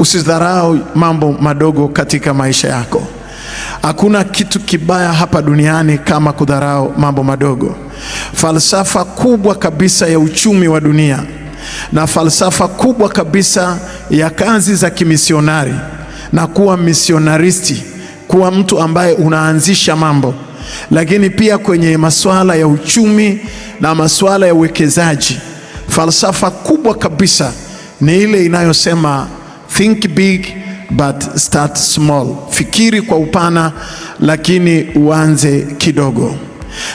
usidharau mambo madogo katika maisha yako. Hakuna kitu kibaya hapa duniani kama kudharau mambo madogo. Falsafa kubwa kabisa ya uchumi wa dunia na falsafa kubwa kabisa ya kazi za kimisionari na kuwa misionaristi, kuwa mtu ambaye unaanzisha mambo, lakini pia kwenye masuala ya uchumi na masuala ya uwekezaji, falsafa kubwa kabisa ni ile inayosema Think big but start small. Fikiri kwa upana lakini uanze kidogo.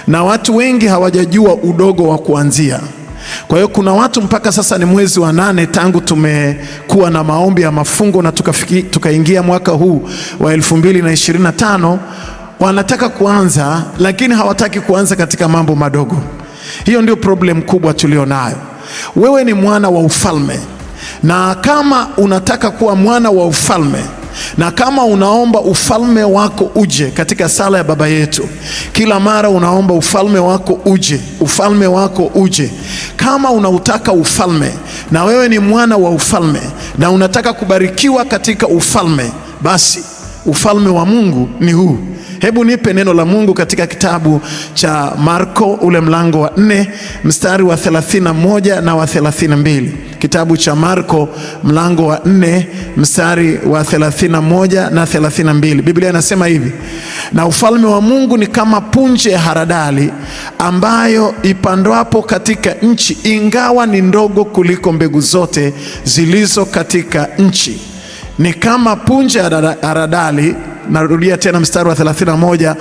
Na watu wengi hawajajua udogo wa kuanzia. Kwa hiyo kuna watu mpaka sasa ni mwezi wa nane tangu tumekuwa na maombi ya mafungo na tukaingia tuka mwaka huu wa 2025 wanataka kuanza lakini hawataki kuanza katika mambo madogo. Hiyo ndio problem kubwa tulionayo. Wewe ni mwana wa ufalme. Na kama unataka kuwa mwana wa ufalme na kama unaomba ufalme wako uje katika sala ya Baba yetu, kila mara unaomba ufalme wako uje, ufalme wako uje. Kama unautaka ufalme na wewe ni mwana wa ufalme na unataka kubarikiwa katika ufalme, basi ufalme wa Mungu ni huu. Hebu nipe neno la Mungu katika kitabu cha Marko ule mlango wa nne mstari wa 31 na wa 32. Kitabu cha Marko mlango wa nne mstari wa 31 na 32. Biblia inasema hivi: na ufalme wa Mungu ni kama punje ya haradali ambayo ipandwapo katika nchi, ingawa ni ndogo kuliko mbegu zote zilizo katika nchi. Ni kama punje ya haradali narudia tena mstari wa 31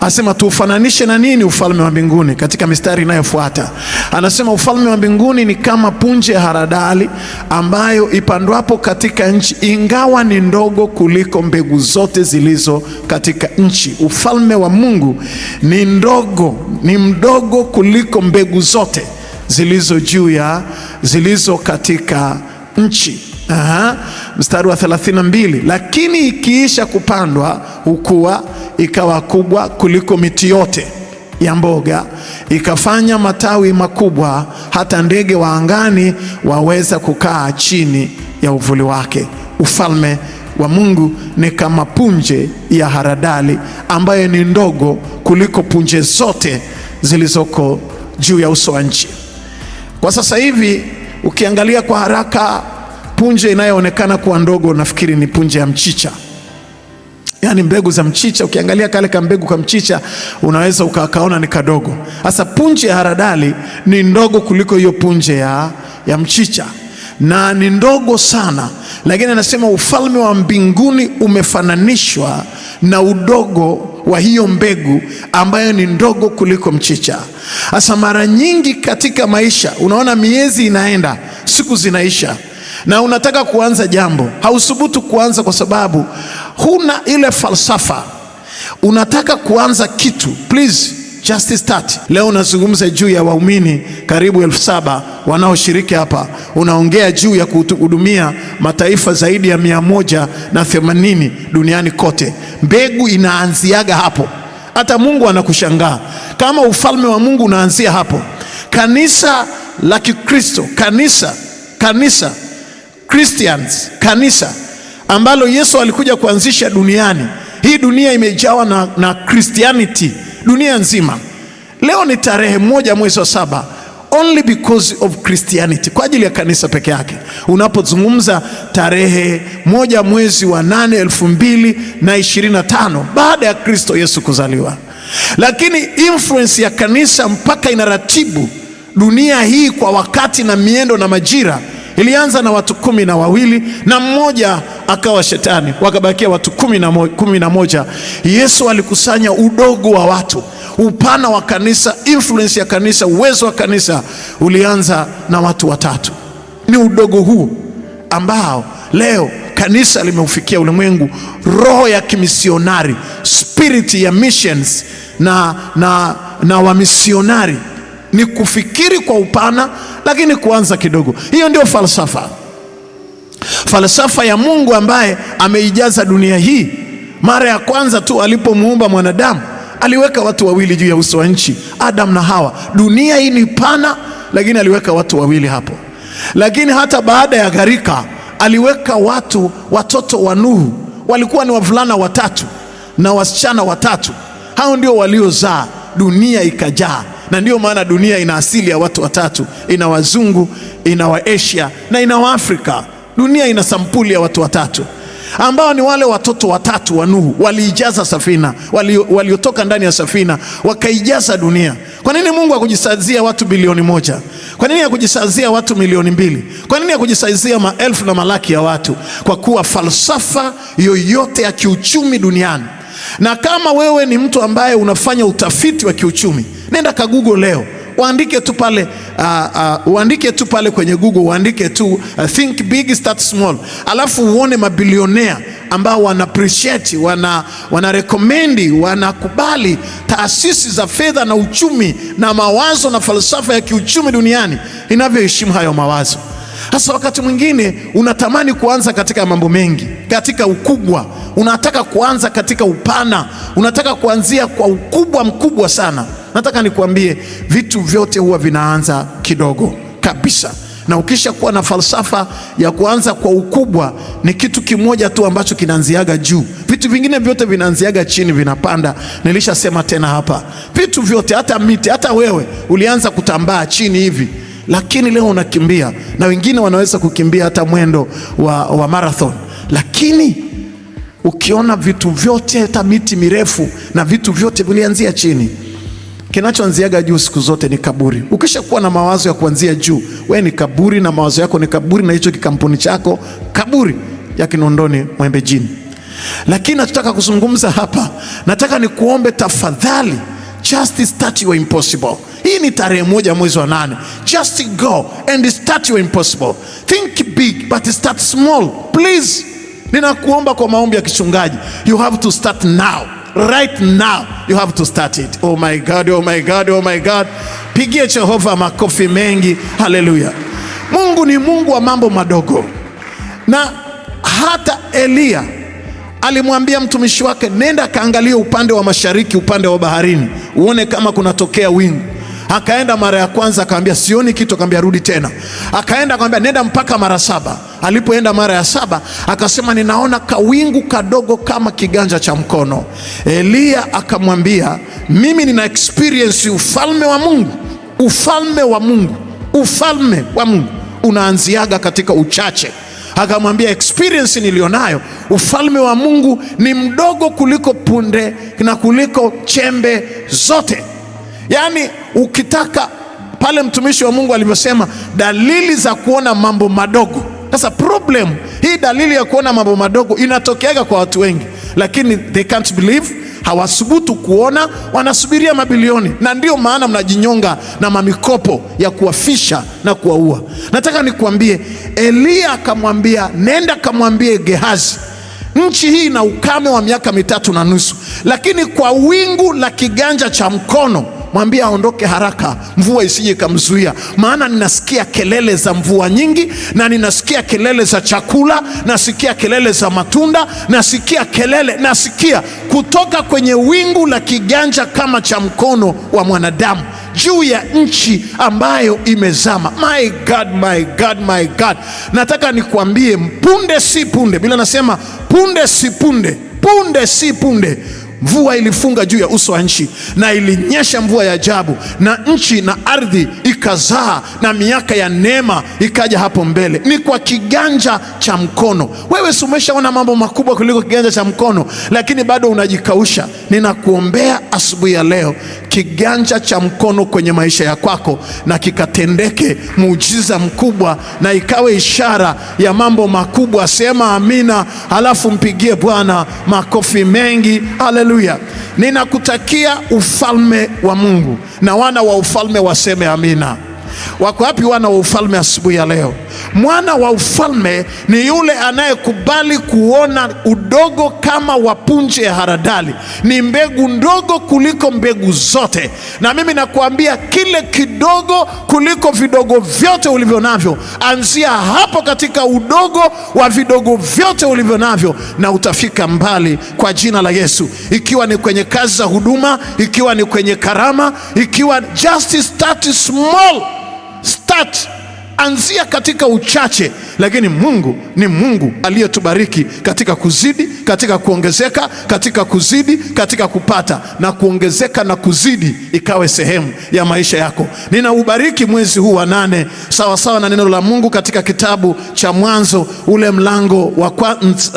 Asema tuufananishe na nini ufalme wa mbinguni? Katika mistari inayofuata anasema ufalme wa mbinguni ni kama punje ya haradali ambayo ipandwapo katika nchi, ingawa ni ndogo kuliko mbegu zote zilizo katika nchi. Ufalme wa Mungu ni ndogo, ni mdogo kuliko mbegu zote zilizo juu ya, zilizo katika nchi. Aha, mstari wa 32, lakini ikiisha kupandwa hukua ikawa kubwa kuliko miti yote ya mboga, ikafanya matawi makubwa, hata ndege wa angani waweza kukaa chini ya uvuli wake. Ufalme wa Mungu ni kama punje ya haradali ambayo ni ndogo kuliko punje zote zilizoko juu ya uso wa nchi. Kwa sasa hivi ukiangalia kwa haraka punje inayoonekana kuwa ndogo, nafikiri ni punje ya mchicha, yaani mbegu za mchicha. Ukiangalia kale ka mbegu ka mchicha unaweza ukakaona ni kadogo. Sasa punje ya haradali ni ndogo kuliko hiyo punje ya, ya mchicha na ni ndogo sana, lakini anasema ufalme wa mbinguni umefananishwa na udogo wa hiyo mbegu ambayo ni ndogo kuliko mchicha. hasa mara nyingi katika maisha unaona miezi inaenda, siku zinaisha na unataka kuanza jambo, hausubutu kuanza kwa sababu huna ile falsafa. Unataka kuanza kitu, please just start. Leo unazungumza juu ya waumini karibu elfu saba wanaoshiriki hapa, unaongea juu ya kuhudumia mataifa zaidi ya mia moja na themanini duniani kote. Mbegu inaanziaga hapo. Hata Mungu anakushangaa kama ufalme wa Mungu unaanzia hapo. Kanisa la Kikristo, kanisa kanisa Christians, kanisa ambalo Yesu alikuja kuanzisha duniani. Hii dunia imejawa na, na Christianity dunia nzima. Leo ni tarehe moja mwezi wa saba only because of Christianity, kwa ajili ya kanisa peke yake. Unapozungumza tarehe moja mwezi wa nane elfu mbili na ishirini na tano baada ya Kristo Yesu kuzaliwa, lakini influence ya kanisa mpaka inaratibu dunia hii kwa wakati na miendo na majira Ilianza na watu kumi na wawili na mmoja akawa shetani, wakabakia watu kumi na, mo, kumi na moja. Yesu alikusanya udogo wa watu, upana wa kanisa, influence ya kanisa, uwezo wa kanisa ulianza na watu watatu. Ni udogo huu ambao leo kanisa limeufikia ulimwengu, roho ya kimisionari, spiriti ya missions na, na, na wamisionari ni kufikiri kwa upana, lakini kuanza kidogo. Hiyo ndio falsafa, falsafa ya Mungu ambaye ameijaza dunia hii. Mara ya kwanza tu alipomuumba mwanadamu aliweka watu wawili juu ya uso wa nchi, Adam na Hawa. Dunia hii ni pana, lakini aliweka watu wawili hapo. Lakini hata baada ya gharika aliweka watu, watoto wa Nuhu walikuwa ni wavulana watatu na wasichana watatu. Hao ndio waliozaa, dunia ikajaa na ndio maana dunia ina asili ya watu watatu: ina wazungu, ina waasia na ina waafrika. Dunia ina sampuli ya watu watatu ambao ni wale watoto watatu wa Nuhu waliijaza safina, waliotoka ndani ya safina wakaijaza dunia. Kwa nini Mungu hakujisazia watu bilioni moja? Kwa nini hakujisazia watu milioni mbili? Kwa nini hakujisazia maelfu na malaki ya watu? Kwa kuwa falsafa yoyote ya kiuchumi duniani, na kama wewe ni mtu ambaye unafanya utafiti wa kiuchumi Nenda ka Google leo uandike tu pale uh, uh, uandike tu pale kwenye Google uandike tu uh, think big start small, alafu uone mabilionea ambao wana appreciate wana wana recommend wanakubali taasisi za fedha na uchumi na mawazo na falsafa ya kiuchumi duniani inavyoheshimu hayo mawazo. Hasa wakati mwingine unatamani kuanza katika mambo mengi, katika ukubwa, unataka kuanza katika upana, unataka kuanzia kwa ukubwa mkubwa sana Nataka nikuambie vitu vyote huwa vinaanza kidogo kabisa, na ukisha kuwa na falsafa ya kuanza kwa ukubwa, ni kitu kimoja tu ambacho kinaanziaga juu, vitu vingine vyote vinaanziaga chini, vinapanda. Nilishasema tena hapa, vitu vyote, hata miti, hata wewe ulianza kutambaa chini hivi lakini leo unakimbia na wengine wanaweza kukimbia hata mwendo wa, wa marathon. Lakini ukiona vitu vyote, hata miti mirefu na vitu vyote vilianzia chini. Kinachoanziaga juu siku zote ni kaburi. Ukishakuwa na mawazo ya kuanzia juu, we ni kaburi na mawazo yako ni kaburi, na hicho kikampuni chako kaburi ya Kinondoni Mwembejini. Lakini natutaka kuzungumza hapa, nataka nikuombe tafadhali, just start your impossible. Hii ni tarehe moja mwezi wa nane. Just go and start your impossible. Think big but start small please. Ninakuomba kwa maombi ya kichungaji, you have to start now right now you have to start it. Oh my God, oh my God, oh my God. Pigie Jehova makofi mengi, haleluya. Mungu ni Mungu wa mambo madogo, na hata Eliya alimwambia mtumishi wake, nenda kaangalie upande wa mashariki, upande wa baharini, uone kama kunatokea wingu. Akaenda mara ya kwanza akaambia sioni kitu, akaambia rudi tena. Akaenda akamwambia nenda mpaka mara saba. Alipoenda mara ya saba akasema ninaona kawingu kadogo kama kiganja cha mkono. Eliya akamwambia mimi nina experience ufalme wa Mungu, ufalme wa Mungu, ufalme wa Mungu unaanziaga katika uchache. Akamwambia experience niliyonayo, ufalme wa Mungu ni mdogo kuliko punde na kuliko chembe zote. Yaani ukitaka pale mtumishi wa Mungu alivyosema dalili za kuona mambo madogo. Sasa problem hii, dalili ya kuona mambo madogo inatokeaga kwa watu wengi, lakini they can't believe, hawasubutu kuona, wanasubiria mabilioni, na ndio maana mnajinyonga na mamikopo ya kuwafisha na kuwaua. Nataka nikuambie, Eliya akamwambia, nenda kamwambie Gehazi, nchi hii ina ukame wa miaka mitatu na nusu, lakini kwa wingu la kiganja cha mkono mwambie aondoke haraka, mvua isije ikamzuia. Maana ninasikia kelele za mvua nyingi, na ninasikia kelele za chakula, nasikia kelele za matunda, nasikia kelele, nasikia kutoka kwenye wingu la kiganja kama cha mkono wa mwanadamu juu ya nchi ambayo imezama. My God, my God, my God! Nataka nikuambie, punde si punde, bila nasema punde si punde, punde si punde Mvua ilifunga juu ya uso wa nchi, na ilinyesha mvua ya ajabu, na nchi na ardhi ikazaa, na miaka ya neema ikaja hapo mbele. Ni kwa kiganja cha mkono. Wewe si umeshaona mambo makubwa kuliko kiganja cha mkono, lakini bado unajikausha. Ninakuombea asubuhi ya leo kiganja cha mkono kwenye maisha ya kwako na kikatendeke muujiza mkubwa na ikawe ishara ya mambo makubwa. Sema amina, halafu mpigie Bwana makofi mengi. Haleluya! Ninakutakia ufalme wa Mungu, na wana wa ufalme waseme amina. Wako wapi wana wa ufalme asubuhi ya leo? Mwana wa ufalme ni yule anayekubali kuona udogo kama wa punje ya haradali, ni mbegu ndogo kuliko mbegu zote. Na mimi nakuambia kile kidogo kuliko vidogo vyote ulivyo navyo, anzia hapo katika udogo wa vidogo vyote ulivyo navyo, na utafika mbali kwa jina la Yesu, ikiwa ni kwenye kazi za huduma, ikiwa ni kwenye karama, ikiwa just start small, start anzia katika uchache, lakini Mungu ni Mungu aliyetubariki katika kuzidi katika kuongezeka, katika kuzidi, katika kupata na kuongezeka na kuzidi ikawe sehemu ya maisha yako. Ninaubariki mwezi huu wa nane sawasawa na neno la Mungu katika kitabu cha Mwanzo ule mlango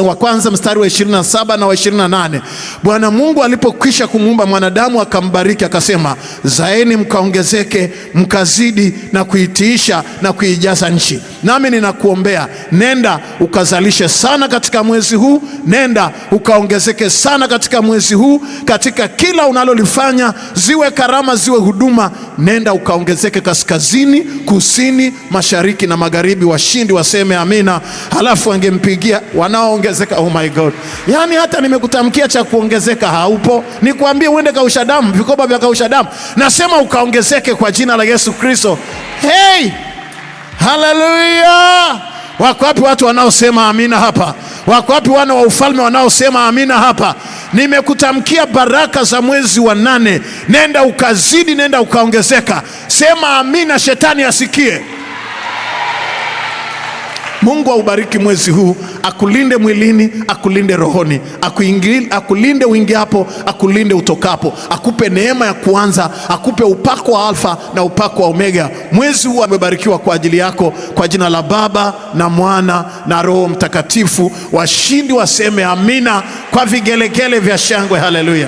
wa kwanza mstari wa 27 na wa 28. Bwana Mungu alipokwisha kumuumba mwanadamu akambariki, akasema, zaeni mkaongezeke, mkazidi na kuitiisha na kuijaza nchi. Nami ninakuombea, nenda ukazalishe sana katika mwezi huu, nenda Nenda ukaongezeke sana katika mwezi huu, katika kila unalolifanya, ziwe karama, ziwe huduma. Nenda ukaongezeke kaskazini, kusini, mashariki na magharibi. Washindi waseme amina. Halafu angempigia wanaoongezeka. Oh my God, yaani hata nimekutamkia cha kuongezeka haupo, nikuambie uende kausha damu, vikoba vya kausha damu. Nasema ukaongezeke kwa jina la Yesu Kristo. Hey, haleluya! Wako wapi watu wanaosema amina hapa? Wako wapi wana wa ufalme wanaosema amina hapa? Nimekutamkia baraka za mwezi wa nane. Nenda ukazidi, nenda ukaongezeka. Sema amina, shetani asikie. Mungu aubariki mwezi huu, akulinde mwilini, akulinde rohoni, akuingil, akulinde uingiapo, akulinde utokapo, akupe neema ya kuanza, akupe upako wa Alfa na upako wa Omega. Mwezi huu amebarikiwa kwa ajili yako, kwa jina la Baba na Mwana na Roho Mtakatifu. Washindi waseme amina kwa vigelegele vya shangwe. Haleluya!